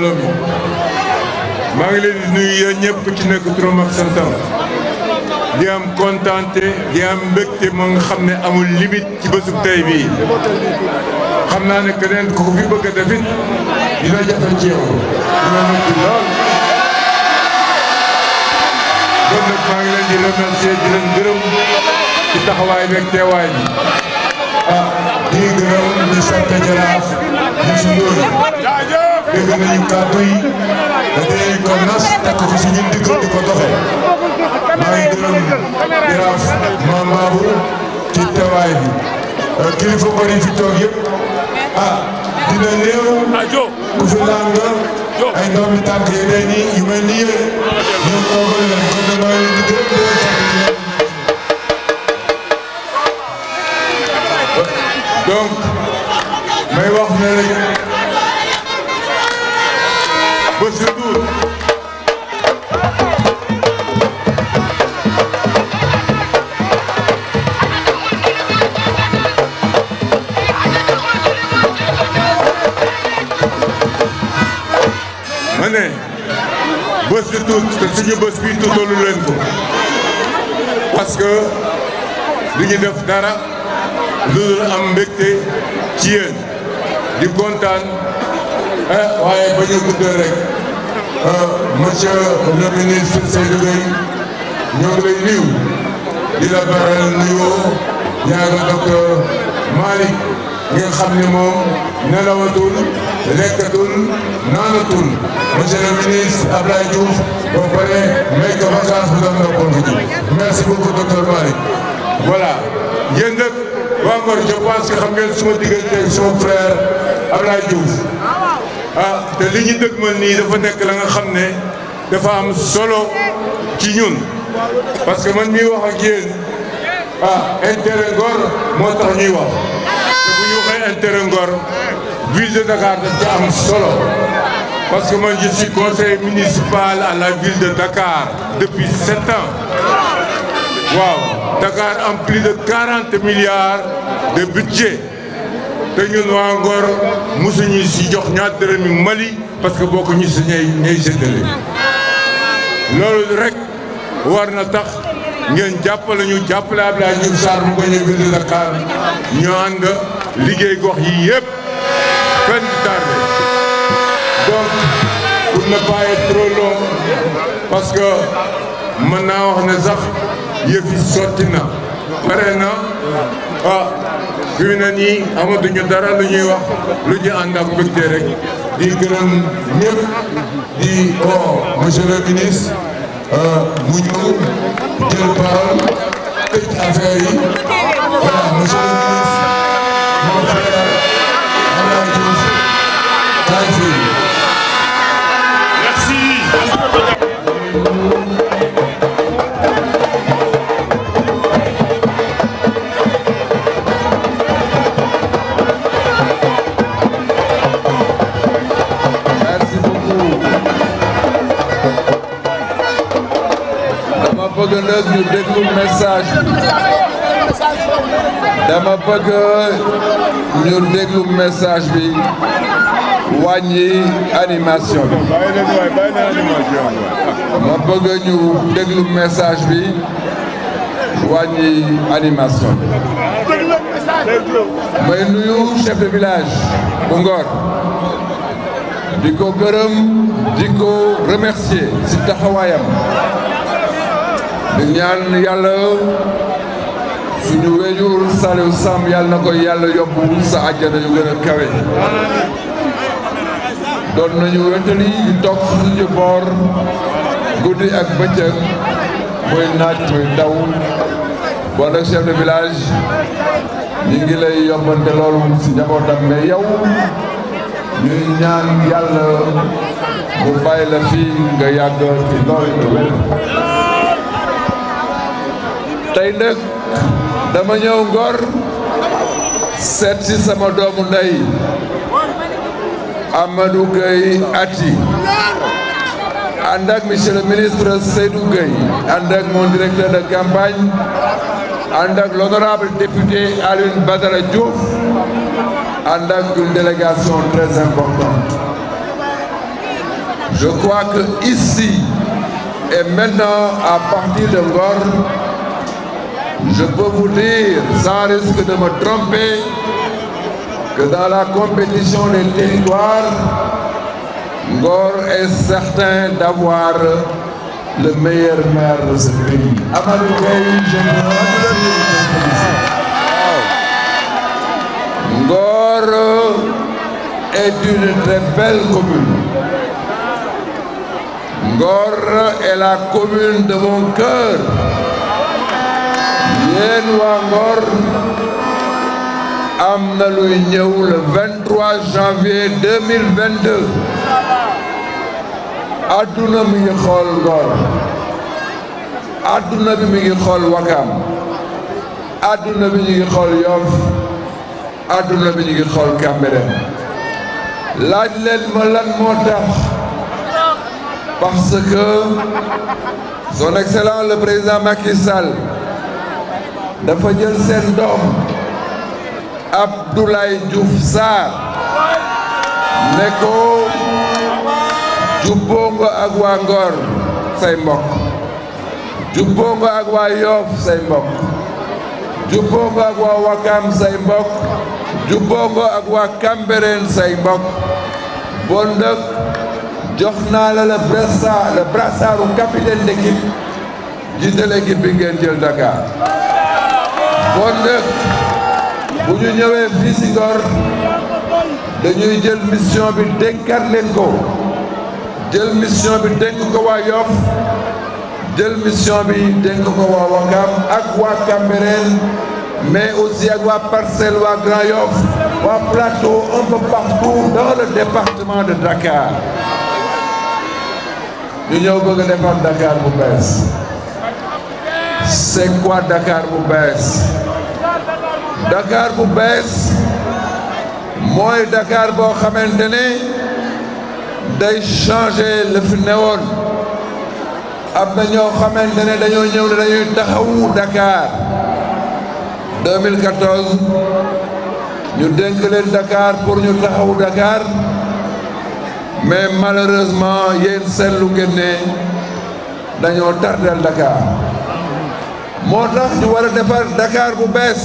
mbooloo maa ngi leen di nuyu yéen ñëpp ci nekk turam ak di am kontante di am mbégte moo nga xam ne amul limite ci bésub tey bii xam naa ne keneen ku fi bëgg a def it jafe ci maa ngi leen di remercier di ci taxawaay beeg teewaay bi ah, di gërëm di sant di si dégg nañu kàddu yi dañu ko nas takk ko suñu digg ko doxee maa ngi gërëm Jaraaf Mame ci teewaay bi euh, kilifa bëri fi toog yëpp ah dina néew ku ah, fi ay ndoom mi tànk yi day nii yu mel nii yéen ñoom toogal leen kon nag maa ngi leen di gërëm te suñu bés ko parce que du ñu def dara lu am mbégte ci yéen di kontaan ah waaye ba ñu guddee rek eh, monsieur le ministre Seydou Gueye ñoo ngi di la baral nuyoo ñaari docteur eh, Malick nga xam ne moom nelawatul. lekkatul naanatul monsieur le ministre Abdoulaye Diouf ba pare may ko vacance bu doon noppoon ko ji merci beaucoup docteur Malick voilà yéen waa Ngor je pense que xam ngeen suma diggante ak suma frère Abdoulaye Diouf ah te li ñu dëgmal nii dafa nekk la nga xam ne dafa am solo ci ñun parce que man mii wax ak yéen ah intérêt Ngor moo tax ñuy wax te bu ñu waxee intérêt Ngor ville de Dakar daf ci am solo parce que ma je suis conseiller municipal à la ville de Dakar depuis sept ans waaw Dakar am de quarante milliards de budget te ñun waa Ngor mosuñu si jox ñaar dërëmi Mali parce que bokk ñu si ñay ñay séddale loolu rek war na tax ngeen jàppale ñu jàppale Abdoulaye Diouf Sarr mu ko ñëw ville de Dakar ñu ànd liggéey gox yi yëpp. tarder. donc pour ne trop long parce que mën naa wax ne sax yëf sotti na pare na ah fi mu nii amatuñu dara lu ñuy wax lu ñu ànd ak mbégte rek di gërëm ñëpp di o monsieur le euh, jël parole tëj affaire yi voilà monsieur le ministre message dama ñu déglu message bi wàññi animation bi ma bëgg ñu déglu message bi wàññi animation bi nuyu chef village bu Ngor di ko gërëm di ko taxawaayam di ñaan yàlla suñu wéjur Saliou Samb yàlla na ko yàlla yóbbu sa àjjana yu gën kawe doon nañu wétali toog suñu boor guddi ak bëccëg muy naaj muy daw bon chef de village ñu ngi lay yombante loolu si njabootam mais yow ñuy ñaan yàlla mu bàyyi la fii nga yàgg ci loolu wér tey nag dama ñëw Ngor seet si sama doomu ndey Amadou Gueye Aty ànd ak monsieur le ministre Seydou Gueye ànd ak mon directeur de campagne ànd ak l'honorable député Alioune Badara Diouf ànd ak une délégation très importante je crois que ici et maintenant à partir de Ngor Je peux vous dire, sans risque de me tromper, que dans la compétition des territoires, Ngor est certain d'avoir le meilleur maire de ce pays. Amadou Gueye, je me remercie. Ngor est une très belle commune. Ngor est la commune de mon cœur. yéen waa Ngor am na luy ñëw le 23 janvier 2022 adduna mi ngi xool Ngor adduna bi mi ngi xool Wakam adduna bi ñu ngi xool Yoff adduna bi ñu ngi xool Cambérène laaj leen ma lan moo tax parce que son excellence le président Macky Sall dafa jël seen doom Abdoulaye Diouf Sarr ne ko jubboo nga ak waa Ngor say mbokk jubboo ak waa Yoof say mbokk jubboo ak waa Wakam say mbokk jubboo ak waa Cambérène say mbokk bon jox naa la le brassard le brassaru capitaine d'équipe jiite jël daga wa nag bu ñu ñëwee fii dañuy jël mission bi dénkaat leen jël mission bi dénk ko waa Yoff jël mission bi dénk waa Wakam ak waa Cambérène mais aussi ak waa Parcelles waa Grand Yoff waa Plateau un peu partout dans le département de Dakar ñu ñëw bëgg a defar bees c'est quoi Dakar bu bees Dakar bu bees mooy dakaar boo xamante ne day changer la fi newoon am na ñoo xamante ne dañoo ñëw ne dañuy taxawu Dakar 2014 ñu dénk leen Dakar pour ñu taxawu Dakar mais malheureusement yéen seetlu ngeen ne dañoo tardel Dakar moo tax ñu war a defar Dakar bu bees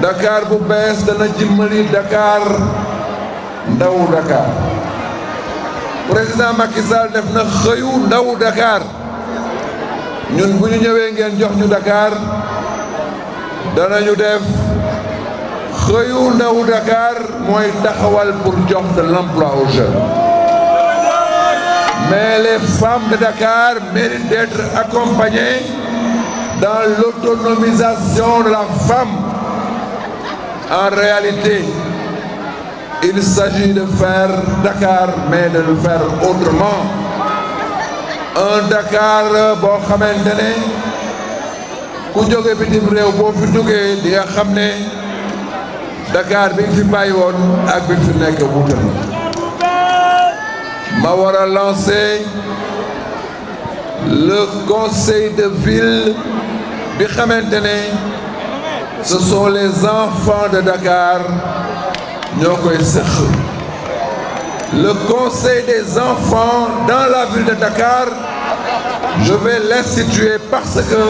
Dakar bu bees dana jëmmali Dakar ndawu Dakar président Macky Sall def na xëyu ndawu Dakar ñun bu ñu ñëwee ngeen jox ñu Dakar danañu def xëyu ndawu Dakar mooy taxawal pour jox de l'emploi aux jeunes mais les femmes de Dakar méritent d'être accompagnées dans l'autonomisation de la femme. En réalité, il s'agit de faire Dakar, mais de le faire autrement. Un Dakar boo xamante ne ku jóge bitim réew boo fi duggee di nga xam ne Dakar bi fi bàyyi woon ak bi fi nekk wuute na ma war a lancer le conseil de ville. bi xamante ne ce sont les enfants de Dakar ñoo koy sëq le conseil des enfants dans la ville de Dakar je vais l'instituer parce que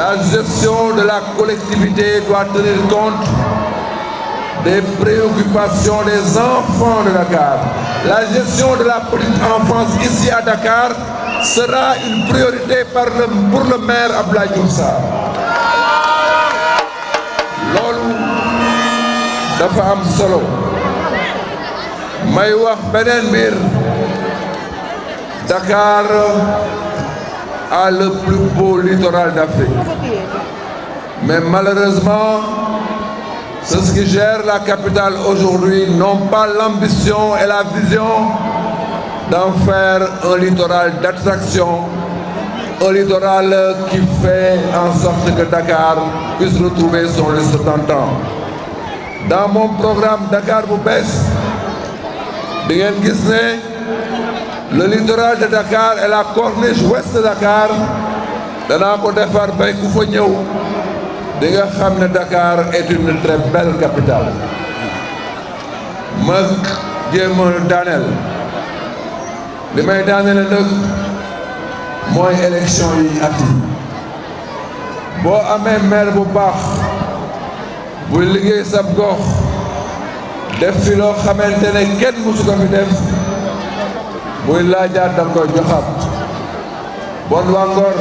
la gestion de la collectivité doit tenir compte des préoccupations des enfants de Dakar. La gestion de la petite enfance ici à Dakar sera une priorité par le pour le maire Abdoulaye Diouf Sarr loolu dafa am solo may wax beneen mbir Dakar a le plus beau littoral d'Afrique mais malheureusement ceux qui gèrent la capitale aujourd'hui n'ont pas l'ambition et la vision dan faire un littoral d'attraction, un littoral qui fait en sorte que Dakar puisse retrouver son lustre d'antan. Dans mon programme Dakar bu bees di ngeen gis ne le littoral de Dakar et la corniche ouest de Dakar danaa ko defar bay ku fa ñëw di nga ne Dakar est une très belle capitale. ma jéem a daaneel. bi may daanele nag mooy élection yi at yi boo amee maire bu baax buy liggéey sab gox def fi loo xamante ne kenn mësu ko fi def muy laajaat dal koy joxaat bon waa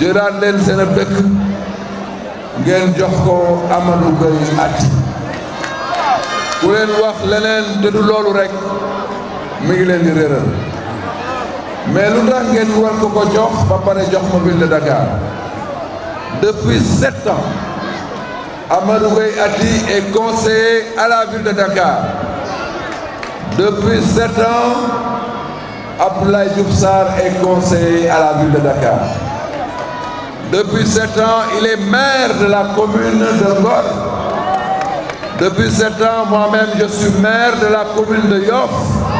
jëraat leen seen dëkk ngeen jox ko Amadou Gueye at ku leen wax leneen te du loolu rek mi ngi leen mais lu tax ngeen war ko jox ba pare jox ma ville de Dakar depuis sept ans Amadou Gueye Aty est conseiller à la ville de Dakar depuis sept ans Abdoulaye Diouf Sarr est conseiller à la ville de Dakar depuis sept ans il est maire de la commune de Ngor depuis sept ans moi-même je suis maire de la commune de Yoff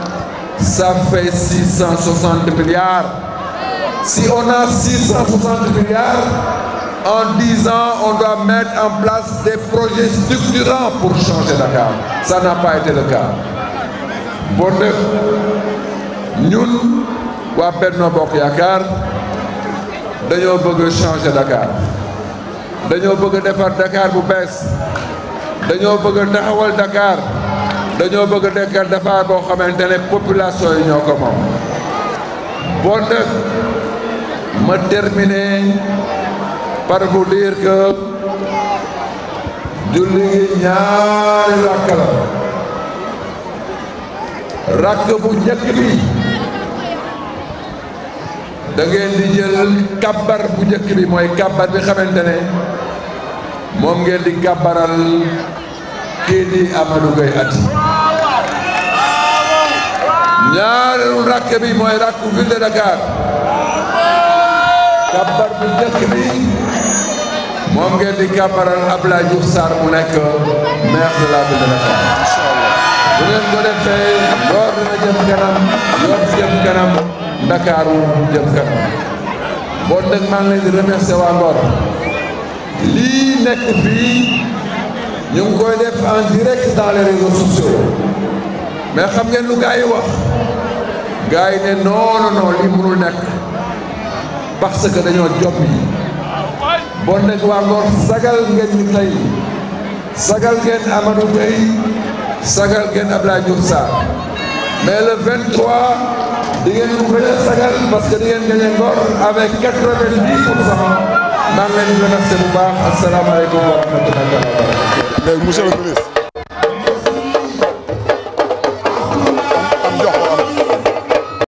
ça fait 660 milliards. Si on a 660 milliards, en 10 ans, on doit mettre en place des projets structurants pour changer Dakar. Ça n'a pas été le cas. Bon, ñun waa Benno Bokk Yaakaar dañoo bëgg changer Dakar dañoo bëgg defar Dakar bu bees dañoo bëgg taxawal Dakar dañoo bëgg a nekkal boo xamante ne population yi ñoo ko moom bon nag ma terminer par vous dire que julli gi ñaari rakk la rakk bu njëkk bi da di jël kàbbar bu njëkk bi mooy kàbbar bi xamante ne moom ngeen di kàbbaral Seydi Amadou Gueye Aty rakk bi mooy rakku ville de Dakar kabar bu bi moom ngeen di kabaral Abdoulaye Diouf Sarr mu nekk maire la ville de Dakar bu ngeen defee door dina jëm kanam yor jëm kanam Ndakaaru jëm maa ngi leen di remercier waa Ngor lii nekk fii ñu ngi koy def en direct dans les réseaux sociaux mais xam ngeen lu gars yi wax gars yi ne non non non lii mënul nekk parce que dañoo jommi bon nag waa Ngor sagal ngeen ñu tey sagal ngeen Amadou Gueye sagal ngeen Abdoulaye Diouf Sarr mais le 23 di ngeen ñu gën sagal parce que di ngeen gagné Ngor avec 90 pour cent maa ngi leen di remercier bu baax asalaamaaleykum wa rahmatulah. monsieur le ministre